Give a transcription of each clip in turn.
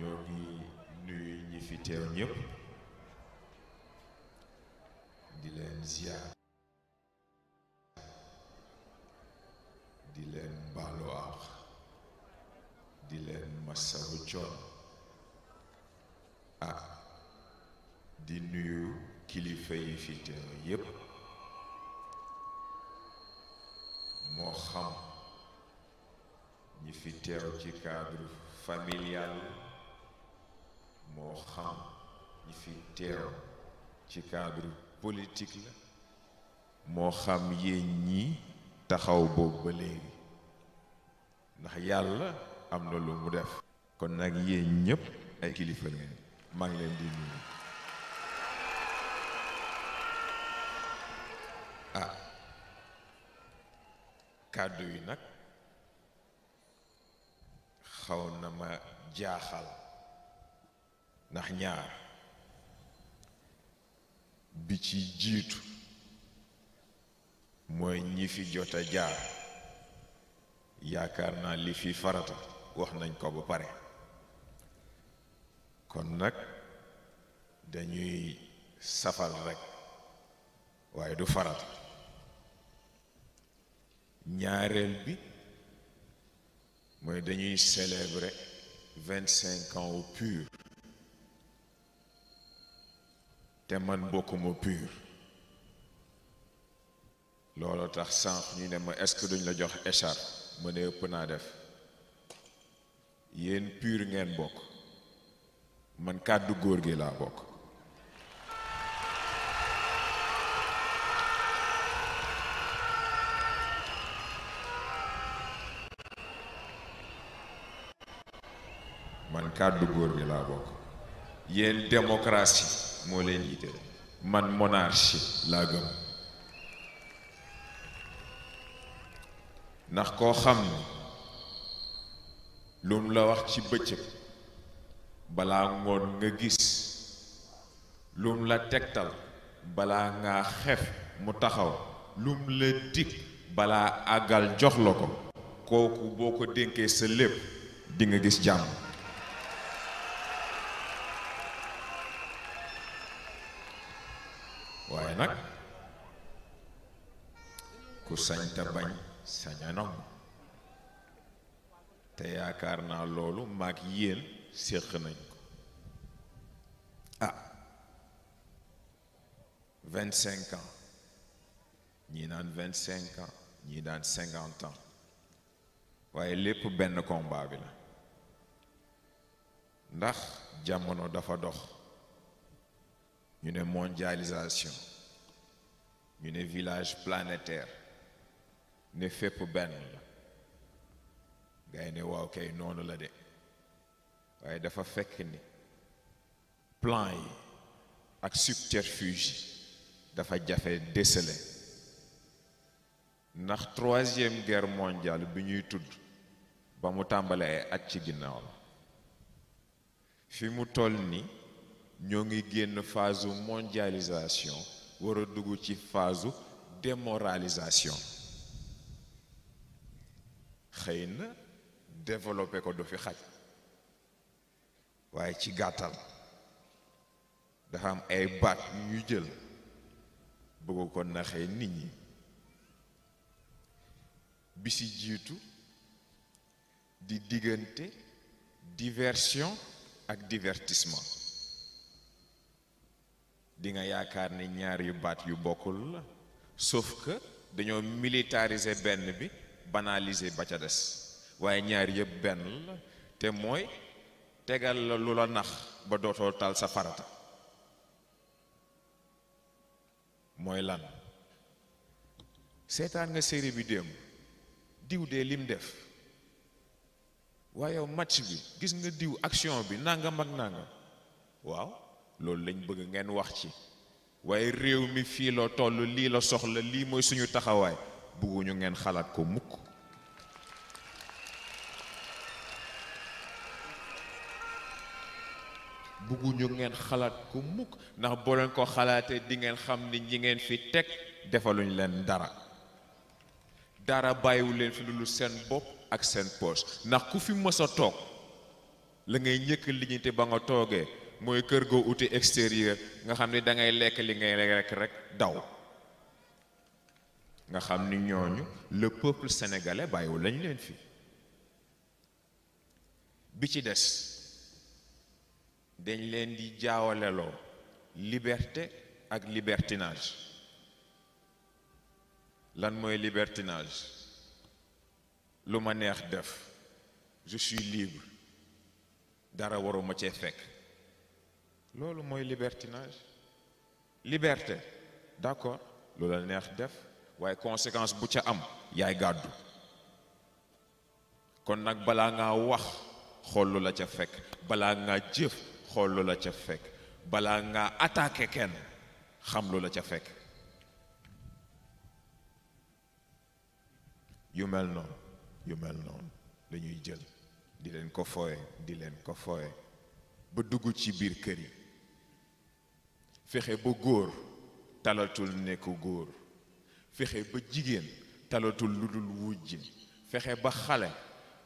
ñoo ngi nuyu ñi fi teew ñëpp di leen ziar di leen baalu di leen masawu coon ah di nuyu kilifa yi fi teew yëpp moo xam ñi fi teew ci cadre familial moo xam ñi fi teew ci cadre politique la moo xam yéen ñi taxaw boobu ba léegi ndax yàlla am na lu mu def kon nag yéen ñépp ay kilifa ngeen maa leen di nuyu ah kàddu yi nag xaw na ma jaaxal ndax ñaar bi ci jiitu mooy ñi fi jot a jaar yaakaar naa li fi farata wax nañ ko ba pare kon nag dañuy safal rekk waaye du farata ñaareel bi mooy dañuy célébrer vingt cinq ans au pur te man bokkuma pur loolu tax sànq ñu ne ma est-ce duñ la jox écharpe ma ne ëpp naa def yéen pur ngeen bokk man kàddu góor gi laa bokk man kàddu góor gi laa bokk moo leen yitte man monarchie laa gëm ndax koo xam ne lu la wax ci bëccëg balaa ngoon nga gis lu la tegtal balaa ngaa xef mu taxaw lu la dig balaa àggal jox la ko kooku boo ko dénkee sa lépp di nga gis jàmm waaye nag ku sañ te bañ sañ te yaakaar naa loolu maak yéen séq nañ ko ah vingt cinq ans ñii naan vingt cinq ans ñii naan cinquante ans waaye lépp benn combat bi la ndax jamono dafa dox ñu ne mondialisation ñu ne village planetaire ne fépp benn la gaay ne waaw kay noonu la de waaye dafa fekk ni plan yi ak subterfuge dafa jafe déceler ndax troisième guerre mondiale bi ñuy tudd ba mu tàmbalee ay at ci ginnaaw la fi mu toll ni ñoo ngi génn phase mondialisation war a dugg ci phase démoralisation xëy na développé ko du fi xaj waaye ci gàttal dafa am ay baat ñu jël bëgg ko naxee nit ñi bi ci jiitu di diggante diversion ak divertisement dinga yaakaar ni ñaar yu baat yu bokkul la sauf dañoo militariser benn bi banaliser ba ca des waaye ñaar yëpp benn la te mooy tegal la lu la nax ba dootoo tal sa farata mooy lan seetaan nga série bi démb diw dee lim def waaye yow match bi gis nga diw action bi nangam ak nangam waaw loolu lañ bëgg ngeen wax ci waaye réew mi fii la toll lii la soxla lii mooy suñu taxawaay bëgguñu ngeen xalaat ko mukk bëgguñu ngeen xalaat ko mukk ndax boo leen ko xalaatee di xam ni ñi ngeen fi teg defaluñ leen dara dara bàyyiwu leen fi lu seen bopp ak seen poos ndax ku fi mës a toog la ngay ñëkk lijjanti ba nga toogee mooy kër goo uti extérieur nga xam ni da ngay lekk li ngay lekk rekk daw nga xam ni ñooñu le peuple sénégalais bàyyiwu lañ leen fi bi ci des dañ leen di jaawaleloo liberté ak libertinage lan mooy libertinage lu ma neex def je suis libre dara waruma cee fekk loolu mooy libertinage liberté d'accord lu la neex def waaye conséquence bu ca am yaay gàddu kon nag balaa ngaa wax xool la ca fekk balaa ngaa jëf xool la ca fekk balaa ngaa attaqué kenn xam lu la ca fekk yu mel noonu yu mel noonu la ñuy jël di leen ko fooye di leen ko fooye ba dugg ci biir kër yi fexe ba góor talatul nekk góor fexe ba jigéen talatul lu dul wujjin fexe ba xale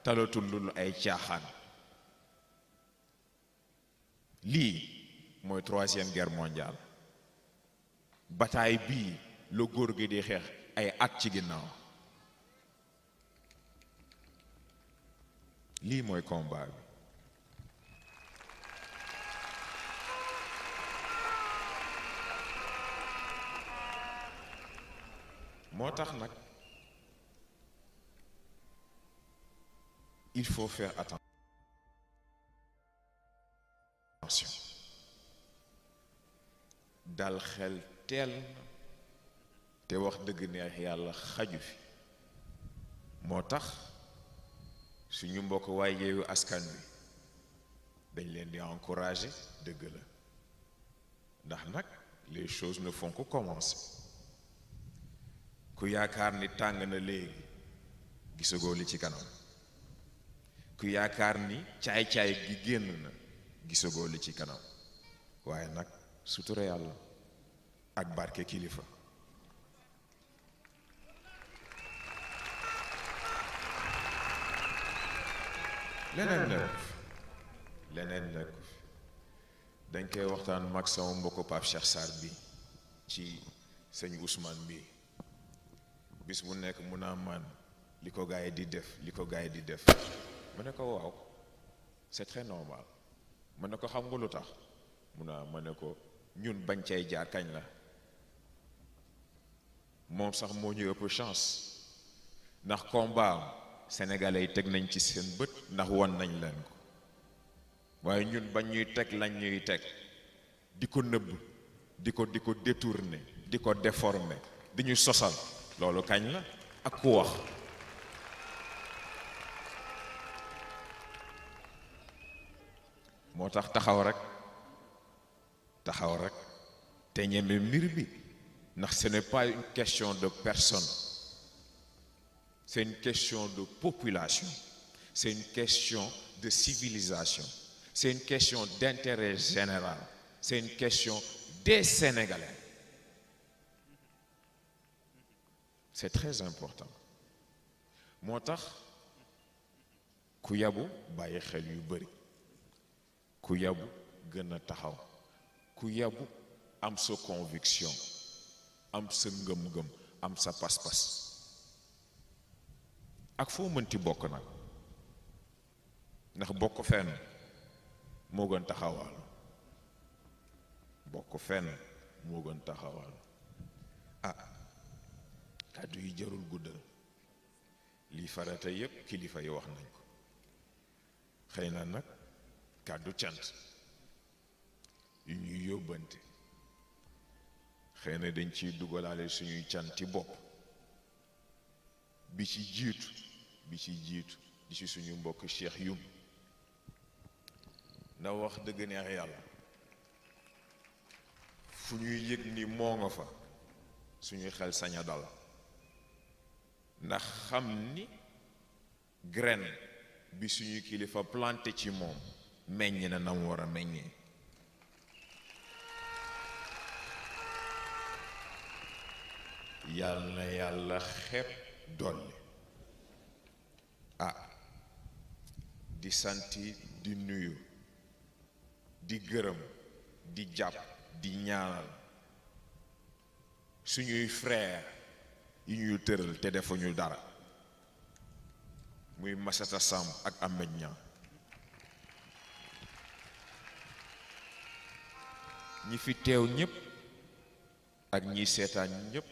talatul lu dul ay caaxaan lii mooy troisième guerre mondiale bataay bii la góor gi di xeex ay at ci ginnaaw lii mooy combat moo tax nag il faut faire attention dal xel teel te wax dëgg neex yàlla xaju fi moo tax suñu mbokk waay yeewu askan wi dañ leen di encourager dëgg la ndax nag les choses ne fonk que commencer ku yaakaar ni tàng na léegi gisagoo li ci kanam ku yaakaar ni caay-caay gi génn na gisagoo li ci kanam waaye nag sutura yàlla ak barke kilifa leneen nekk leneen nekk dañ koy waxtaan mag sama mbokk Pape Cheikh bi ci sëñ Ousmane bi bis bu nekk mun naa maan li ko gaay di def li ko gaay di def ma ne ko waaw c'est très normal ma ne ko xam nga lu tax mu naa ma ne ko ñun bañ cay jaar kañ la moom sax moo ñu ëpp chance ndax combat am sénégalais yi teg nañ ci seen bët ndax won nañ leen ko waaye ñun bañ ñuy teg lañ ñuy teg di ko nëbb di ko di ko détourner di ko déformer di ñu sosal loolu kañ la ak ku wax moo tax taxaw rekk taxaw rek te ñeme mbir bi ndax ce n'est pas une question de personne c'est une question de population c'est une question de civilisation c'est une question d'intérêt général c'est une question de Sénégalais c'est très important moo tax ku yabu bàyyi xel yu bari ku yabu gën a taxaw ku yabu am sa conviction am sa ngëm-ngëm am sa pas-pas ak foo mënti bokk nag ndax bokk fenn moo gën taxawaal bokk fenn moo gën taxawaal ah, kàddu yi jarul guddal lii farata yépp kilifa yi wax nañ ko xëy na nag kàddu cant yu ñuy yóbbante xëy na dañ ciy dugalaale suñuy canti bopp bi ci jiitu bi di ci suñu mbokk Cheikh Yum na wax dëgg neex yàlla fu ñuy yëg ni moo nga fa suñu xel sañ a ndax xam ni graine bi suñu kilifa planté ci moom meññ na nam war a meññee yàlla na yàlla xepp dolli ah di santi di nuyu di gërëm di jàpp di ñaanal suñuy frère yi ñuy tëral te defuñu dara muy Massata Samb ak Ahmed ñi fi teew ñépp ak ñi seetaan ñépp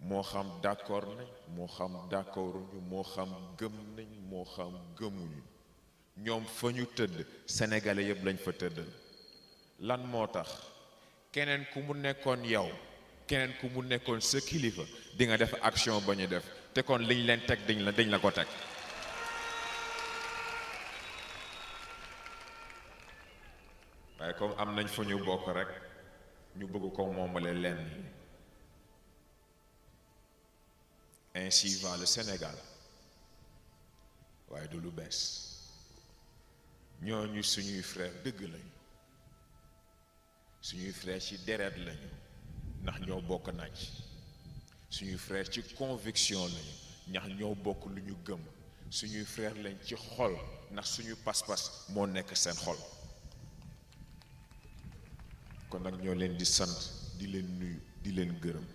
moo xam d'accord nañ moo xam d'accorduñu moo xam gëm nañ moo xam gëmuñu ñoom fa ñu tëdd senegale yëpp lañ fa tëddal lan moo tax keneen ku mu nekkoon yow keneen ku mu nekkoon sa kilifa dinga defa action ba ñu def te kon liñ leen teg dañ la dañ la ko teg waaye comme am nañ fu ñu bokk rek ñu bëgg ko moomale leen ainsi va Sénégal waaye du lu bees ñooñu suñuy frère dëgg lañu suñuy frère ci deret lañu ndax ñoo bokk naaj suñuy frère ci conviction lañu ndax ñoo bokk lu ñu gëm suñuy frère lañ ci xol ndax suñu pas-pas moo nekk seen xol kon nag ñoo leen di sant di leen nuyu di leen gërëm